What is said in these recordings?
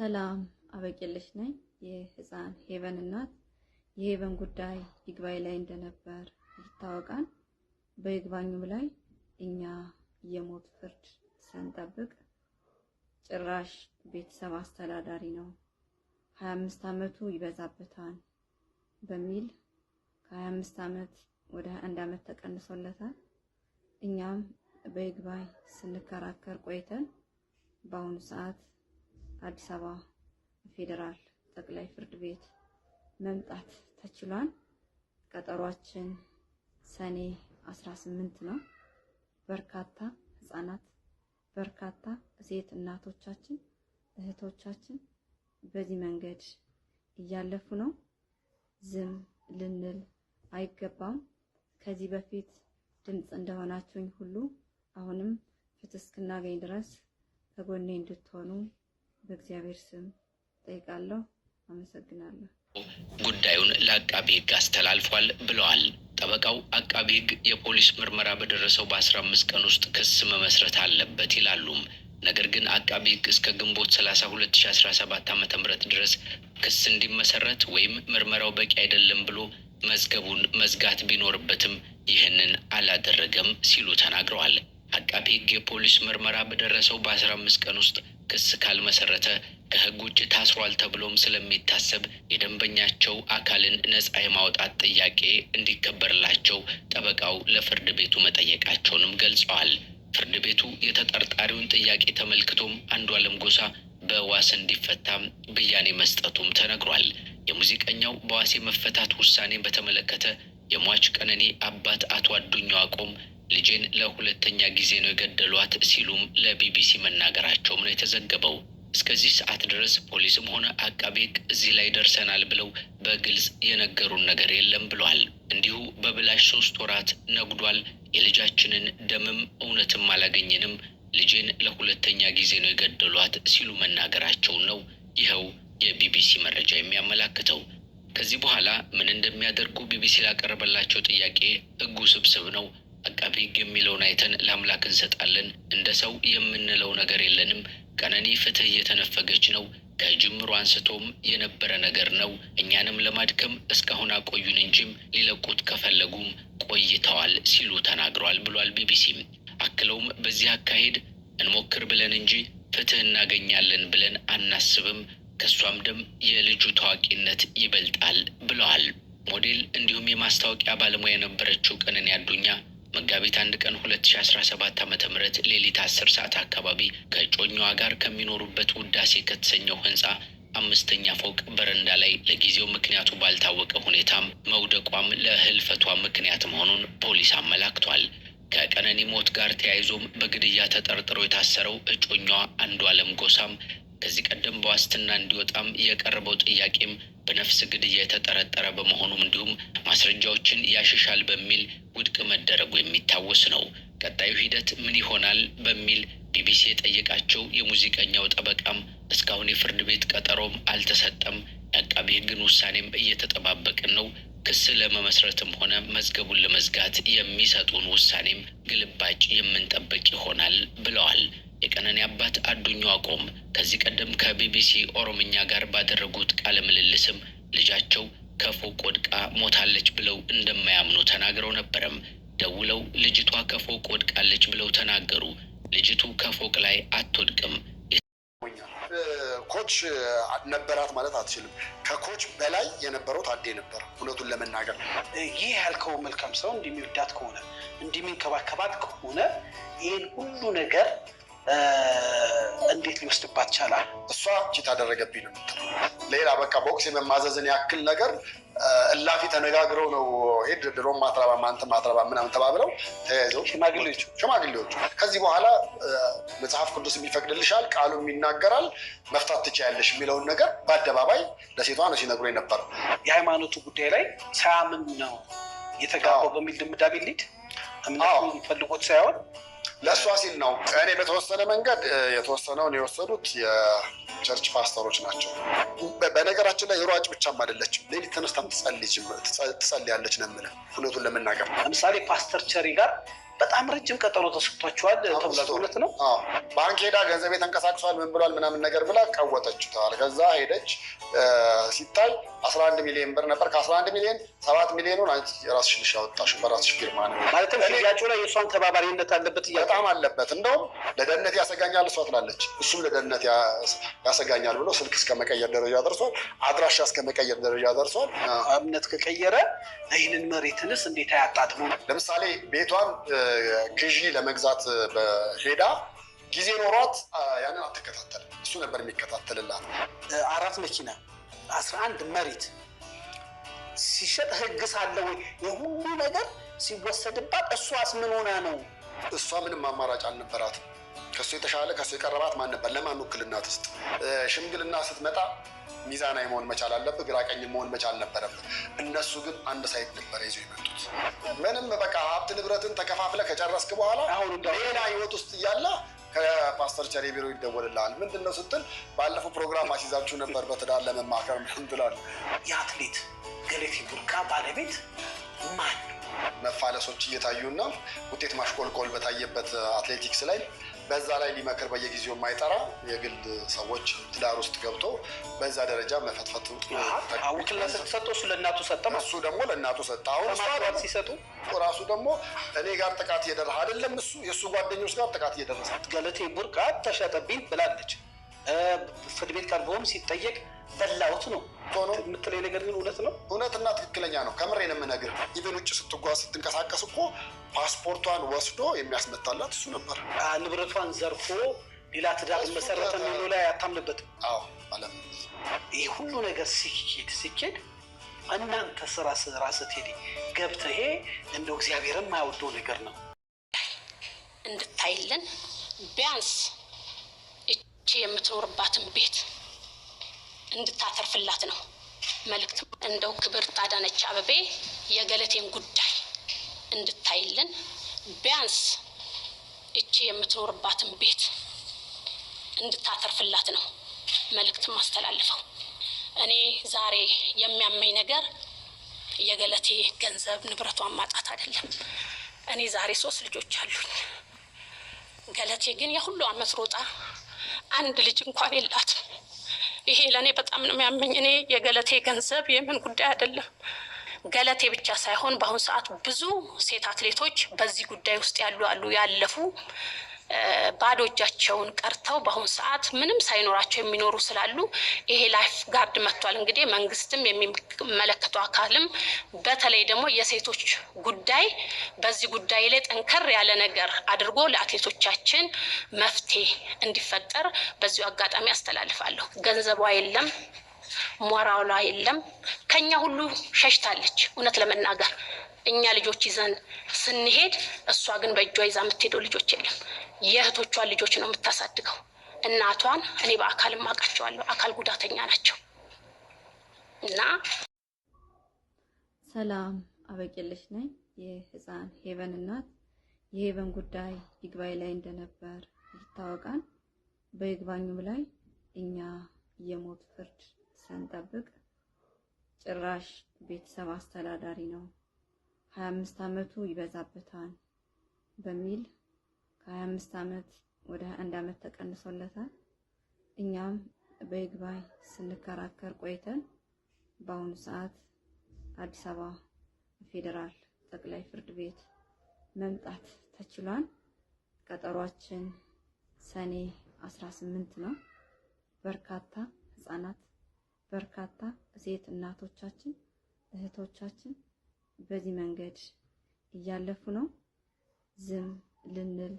ሰላም አበቄለሽ ነኝ የህፃን ሄቨን እናት። የሄቨን ጉዳይ ይግባኝ ላይ እንደነበር ይታወቃል። በይግባኙም ላይ እኛ የሞት ፍርድ ሳንጠብቅ ጭራሽ ቤተሰብ አስተዳዳሪ ነው፣ 25 ዓመቱ ይበዛበታል በሚል ከ25 ዓመት ወደ አንድ ዓመት ተቀንሶለታል። እኛም በይግባኝ ስንከራከር ቆይተን በአሁኑ ሰዓት አዲስ አበባ ፌዴራል ጠቅላይ ፍርድ ቤት መምጣት ተችሏል። ቀጠሯችን ሰኔ 18 ነው። በርካታ ህጻናት፣ በርካታ ሴት እናቶቻችን፣ እህቶቻችን በዚህ መንገድ እያለፉ ነው። ዝም ልንል አይገባም። ከዚህ በፊት ድምፅ እንደሆናችሁኝ ሁሉ አሁንም ፍትህ እስክናገኝ ድረስ ከጎኔ እንድትሆኑ በእግዚአብሔር ስም ጠይቃለሁ። አመሰግናለሁ። ጉዳዩን ለአቃቢ ሕግ አስተላልፏል ብለዋል ጠበቃው። አቃቢ ሕግ የፖሊስ ምርመራ በደረሰው በአስራ አምስት ቀን ውስጥ ክስ መመስረት አለበት ይላሉም። ነገር ግን አቃቢ ሕግ እስከ ግንቦት ሰላሳ ሁለት ሺ አስራ ሰባት ድረስ ክስ እንዲመሰረት ወይም ምርመራው በቂ አይደለም ብሎ መዝገቡን መዝጋት ቢኖርበትም ይህንን አላደረገም ሲሉ ተናግረዋል። አቃቢ ሕግ የፖሊስ ምርመራ በደረሰው በአስራ አምስት ቀን ውስጥ ክስ ካልመሰረተ ከህግ ውጭ ታስሯል ተብሎም ስለሚታሰብ የደንበኛቸው አካልን ነጻ የማውጣት ጥያቄ እንዲከበርላቸው ጠበቃው ለፍርድ ቤቱ መጠየቃቸውንም ገልጸዋል። ፍርድ ቤቱ የተጠርጣሪውን ጥያቄ ተመልክቶም አንዷለም ጎሳ በዋስ እንዲፈታ ብያኔ መስጠቱም ተነግሯል። የሙዚቀኛው በዋስ የመፈታት ውሳኔ በተመለከተ የሟች ቀነኔ አባት አቶ አዱኛ አቆም ልጄን ለሁለተኛ ጊዜ ነው የገደሏት ሲሉም ለቢቢሲ መናገራቸውም ነው የተዘገበው። እስከዚህ ሰዓት ድረስ ፖሊስም ሆነ አቃቤ ሕግ እዚህ ላይ ደርሰናል ብለው በግልጽ የነገሩን ነገር የለም ብሏል። እንዲሁ በብላሽ ሶስት ወራት ነጉዷል። የልጃችንን ደምም እውነትም አላገኘንም። ልጄን ለሁለተኛ ጊዜ ነው የገደሏት ሲሉ መናገራቸውን ነው ይኸው የቢቢሲ መረጃ የሚያመላክተው። ከዚህ በኋላ ምን እንደሚያደርጉ ቢቢሲ ላቀረበላቸው ጥያቄ ሕጉ ስብስብ ነው አቃቢ ሕግ የሚለውን አይተን ለአምላክ እንሰጣለን። እንደ ሰው የምንለው ነገር የለንም። ቀነኒ ፍትህ እየተነፈገች ነው። ከጅምሩ አንስቶም የነበረ ነገር ነው። እኛንም ለማድከም እስካሁን አቆዩን እንጂም ሊለቁት ከፈለጉም ቆይተዋል ሲሉ ተናግረዋል ብሏል ቢቢሲም። አክለውም በዚህ አካሄድ እንሞክር ብለን እንጂ ፍትህ እናገኛለን ብለን አናስብም። ከእሷም ደም የልጁ ታዋቂነት ይበልጣል ብለዋል። ሞዴል እንዲሁም የማስታወቂያ ባለሙያ የነበረችው ቀነኒ አዱኛ መጋቢት አንድ ቀን 2017 ዓ ም ሌሊት 10 ሰዓት አካባቢ ከእጮኛዋ ጋር ከሚኖሩበት ውዳሴ ከተሰኘው ህንፃ አምስተኛ ፎቅ በረንዳ ላይ ለጊዜው ምክንያቱ ባልታወቀ ሁኔታም መውደቋም ለህልፈቷ ምክንያት መሆኑን ፖሊስ አመላክቷል። ከቀነኒ ሞት ጋር ተያይዞም በግድያ ተጠርጥሮ የታሰረው እጮኛዋ አለም ጎሳም ከዚህ ቀደም በዋስትና እንዲወጣም የቀረበው ጥያቄም በነፍስ ግድያ የተጠረጠረ በመሆኑም እንዲሁም ማስረጃዎችን ያሽሻል በሚል ውድቅ መደረጉ የሚታወስ ነው። ቀጣዩ ሂደት ምን ይሆናል በሚል ቢቢሲ የጠየቃቸው የሙዚቀኛው ጠበቃም እስካሁን የፍርድ ቤት ቀጠሮም አልተሰጠም፣ የአቃቢ ሕግን ውሳኔም እየተጠባበቅን ነው ክስ ለመመስረትም ሆነ መዝገቡን ለመዝጋት የሚሰጡን ውሳኔም ግልባጭ የምንጠብቅ ይሆናል ብለዋል። የቀነኒ አባት አዱኛ አቆም ከዚህ ቀደም ከቢቢሲ ኦሮምኛ ጋር ባደረጉት ቃለ ምልልስም ልጃቸው ከፎቅ ወድቃ ሞታለች ብለው እንደማያምኑ ተናግረው ነበረም። ደውለው ልጅቷ ከፎቅ ወድቃለች ብለው ተናገሩ። ልጅቱ ከፎቅ ላይ አትወድቅም ኮች ነበራት ማለት አትችልም። ከኮች በላይ የነበረው ታዴ ነበር። እውነቱን ለመናገር ይህ ያልከው መልካም ሰው እንደሚወዳት ከሆነ እንደሚንከባከባት ከሆነ ይህን ሁሉ ነገር እንዴት ሊወስድባት ቻላል? እሷ ቺት አደረገብኝ ነው ሌላ በቃ ቦክስ የመማዘዝን ያክል ነገር እላፊ ተነጋግረው ነው ሄድ ድሮ አትረባም አንተም አትረባም ምናምን ተባብለው ተያይዘው ሽማግሌዎቹ ሽማግሌዎቹ ከዚህ በኋላ መጽሐፍ ቅዱስ የሚፈቅድልሻል ቃሉም ይናገራል መፍታት ትችያለሽ የሚለውን ነገር በአደባባይ ለሴቷ ነው ሲነግሩ ነበር። የሃይማኖቱ ጉዳይ ላይ ሳያምን ነው የተጋባው በሚል ድምዳቤ ሊድ እምነቱ ፈልጎት ሳይሆን ለእሷ ሲል ነው። እኔ በተወሰነ መንገድ የተወሰነውን የወሰዱት ቸርች ፓስተሮች ናቸው። በነገራችን ላይ ሯጭ ብቻም አይደለችም። ሌሊት ተነስታም ትጸልያለች ነው የምልህ እውነቱን ለመናገር ለምሳሌ ፓስተር ቸሪ ጋር በጣም ረጅም ቀጠሮ ተሰጥቷቸዋል ተብሏል። እውነት ነው። ባንክ ሄዳ ገንዘቤ ተንቀሳቅሷል ምን ብሏል ምናምን ነገር ብላ ቀወጠችው ተባለ። ከዛ ሄደች ሲታይ 11 ሚሊዮን ብር ነበር። ከ11 ሚሊዮን ሰባት ሚሊዮኑን አንቺ ራስሽ ነሽ ያወጣሽው በራስሽ ፊርማ ነው። ማለትም ሽያጩ ላይ የእሷን ተባባሪነት አለበት፣ በጣም አለበት። እንደውም ለደህንነት ያሰጋኛል እሷ ትላለች፣ እሱም ለደህንነት ያሰጋኛል ብሎ ስልክ እስከ መቀየር ደረጃ ደርሷል። አድራሻ እስከ መቀየር ደረጃ ደርሷል። እምነት ከቀየረ ይህንን መሬትንስ እንዴት አያጣጥሙ? ለምሳሌ ቤቷን ግዢ ለመግዛት ሄዳ ጊዜ ኖሯት ያንን አትከታተልም። እሱ ነበር የሚከታተልላት አራት መኪና 11 መሬት ሲሸጥ ህግ ሳለ ወይ የሁሉ ነገር ሲወሰድባት እሷስ ምን ሆና ነው? እሷ ምንም አማራጭ አልነበራት። ከሱ የተሻለ ከሱ የቀረባት ማን ነበር? ለማን ውክልና ትስጥ? ሽምግልና ስትመጣ ሚዛናዊ መሆን መቻል አለብህ። ግራቀኝ መሆን መቻል ነበረብህ። እነሱ ግን አንድ ሳይት ነበረ ይዞ የመጡት። ምንም በቃ ሀብት ንብረትን ተከፋፍለ ከጨረስክ በኋላ ሌላ ህይወት ውስጥ እያለ ከፓስተር ቸሬ ቢሮ ይደወልልሃል። ምንድን ነው ስትል ባለፈው ፕሮግራም አስይዛችሁ ነበር በትዳር ለመማከር ምትላል። የአትሌት ገለቴ ቡርቃ ባለቤት ማን? መፋለሶች እየታዩና ውጤት ማሽቆልቆል በታየበት አትሌቲክስ ላይ በዛ ላይ ሊመክር በየጊዜው የማይጠራ የግል ሰዎች ትዳር ውስጥ ገብቶ በዛ ደረጃ መፈትፈት ውክልና ለእናቱ ሰጠ፣ እሱ ደግሞ ለእናቱ ሰጠ። አሁን ሲሰጡ ራሱ ደግሞ እኔ ጋር ጥቃት እየደረሰ አይደለም እሱ የእሱ ጓደኞች ጋር ጥቃት እየደረሰ ገለቴ ቡርቃ ተሸጠብኝ ብላለች። ፍርድ ቤት ቀርቦም ሲጠየቅ በላውት ነው ሆኖ የምትለኝ ነገር ግን እውነት ነው፣ እውነትና ትክክለኛ ነው። ከምሬ ነው የምነግርህ። ኢቨን ውጭ ስትጓዝ ስትንቀሳቀስ እኮ ፓስፖርቷን ወስዶ የሚያስመታላት እሱ ነበር። ንብረቷን ዘርፎ ሌላ ትዳር መሰረተ ምኑ ላይ አታምንበትም። አዎ አለም ይህ ሁሉ ነገር ሲኬድ ሲኬድ እናንተ ስራ ስራ ስትሄድ ገብተህ ይሄ እንደው እግዚአብሔር የማያወደው ነገር ነው እንድታይልን ቢያንስ ይቺ የምትኖርባትን ቤት እንድታተርፍላት ነው መልእክት። እንደው ክብርት አዳነች አበቤ የገለቴን ጉዳይ እንድታይልን ቢያንስ እቺ የምትኖርባትን ቤት እንድታተርፍላት ነው መልእክትም አስተላልፈው። እኔ ዛሬ የሚያመኝ ነገር የገለቴ ገንዘብ ንብረቷን ማጣት አይደለም። እኔ ዛሬ ሶስት ልጆች አሉኝ። ገለቴ ግን የሁሉ አመት ሮጣ አንድ ልጅ እንኳን የላትም። ይሄ ለእኔ በጣም ነው የሚያመኝ። እኔ የገለቴ ገንዘብ የምን ጉዳይ አይደለም። ገለቴ ብቻ ሳይሆን በአሁኑ ሰዓት ብዙ ሴት አትሌቶች በዚህ ጉዳይ ውስጥ ያሉ አሉ ያለፉ ባዶ እጃቸውን ቀርተው በአሁኑ ሰዓት ምንም ሳይኖራቸው የሚኖሩ ስላሉ ይሄ ላይፍ ጋርድ መጥቷል። እንግዲህ መንግስትም የሚመለከተው አካልም በተለይ ደግሞ የሴቶች ጉዳይ በዚህ ጉዳይ ላይ ጠንከር ያለ ነገር አድርጎ ለአትሌቶቻችን መፍትሄ እንዲፈጠር በዚሁ አጋጣሚ አስተላልፋለሁ። ገንዘቧ የለም ሞራሏ የለም። ከኛ ሁሉ ሸሽታለች። እውነት ለመናገር እኛ ልጆች ይዘን ስንሄድ እሷ ግን በእጇ ይዛ የምትሄደው ልጆች የለም። የእህቶቿን ልጆች ነው የምታሳድገው። እናቷን እኔ በአካልም አውቃቸዋለሁ፣ አካል ጉዳተኛ ናቸው። እና ሰላም አበቄልሽ ነኝ የህፃን ሄቨን እናት። የሄቨን ጉዳይ ይግባኝ ላይ እንደነበር ይታወቃል። በይግባኙም ላይ እኛ የሞት ፍርድ ሳንጠብቅ ጭራሽ ቤተሰብ አስተዳዳሪ ነው፣ ሀያ አምስት አመቱ ይበዛበታል በሚል ከ25 ዓመት ወደ 21 ዓመት ተቀንሶለታል። እኛም በይግባይ ስንከራከር ቆይተን በአሁኑ ሰዓት አዲስ አበባ ፌዴራል ጠቅላይ ፍርድ ቤት መምጣት ተችሏል። ቀጠሯችን ሰኔ 18 ነው። በርካታ ህጻናት፣ በርካታ ሴት እናቶቻችን፣ እህቶቻችን በዚህ መንገድ እያለፉ ነው። ዝም ልንል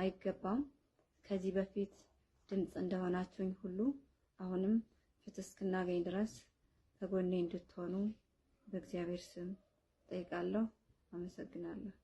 አይገባም። ከዚህ በፊት ድምፅ እንደሆናችሁኝ ሁሉ አሁንም ፍትህ እስክናገኝ ድረስ ከጎኔ እንድትሆኑ በእግዚአብሔር ስም ጠይቃለሁ። አመሰግናለሁ።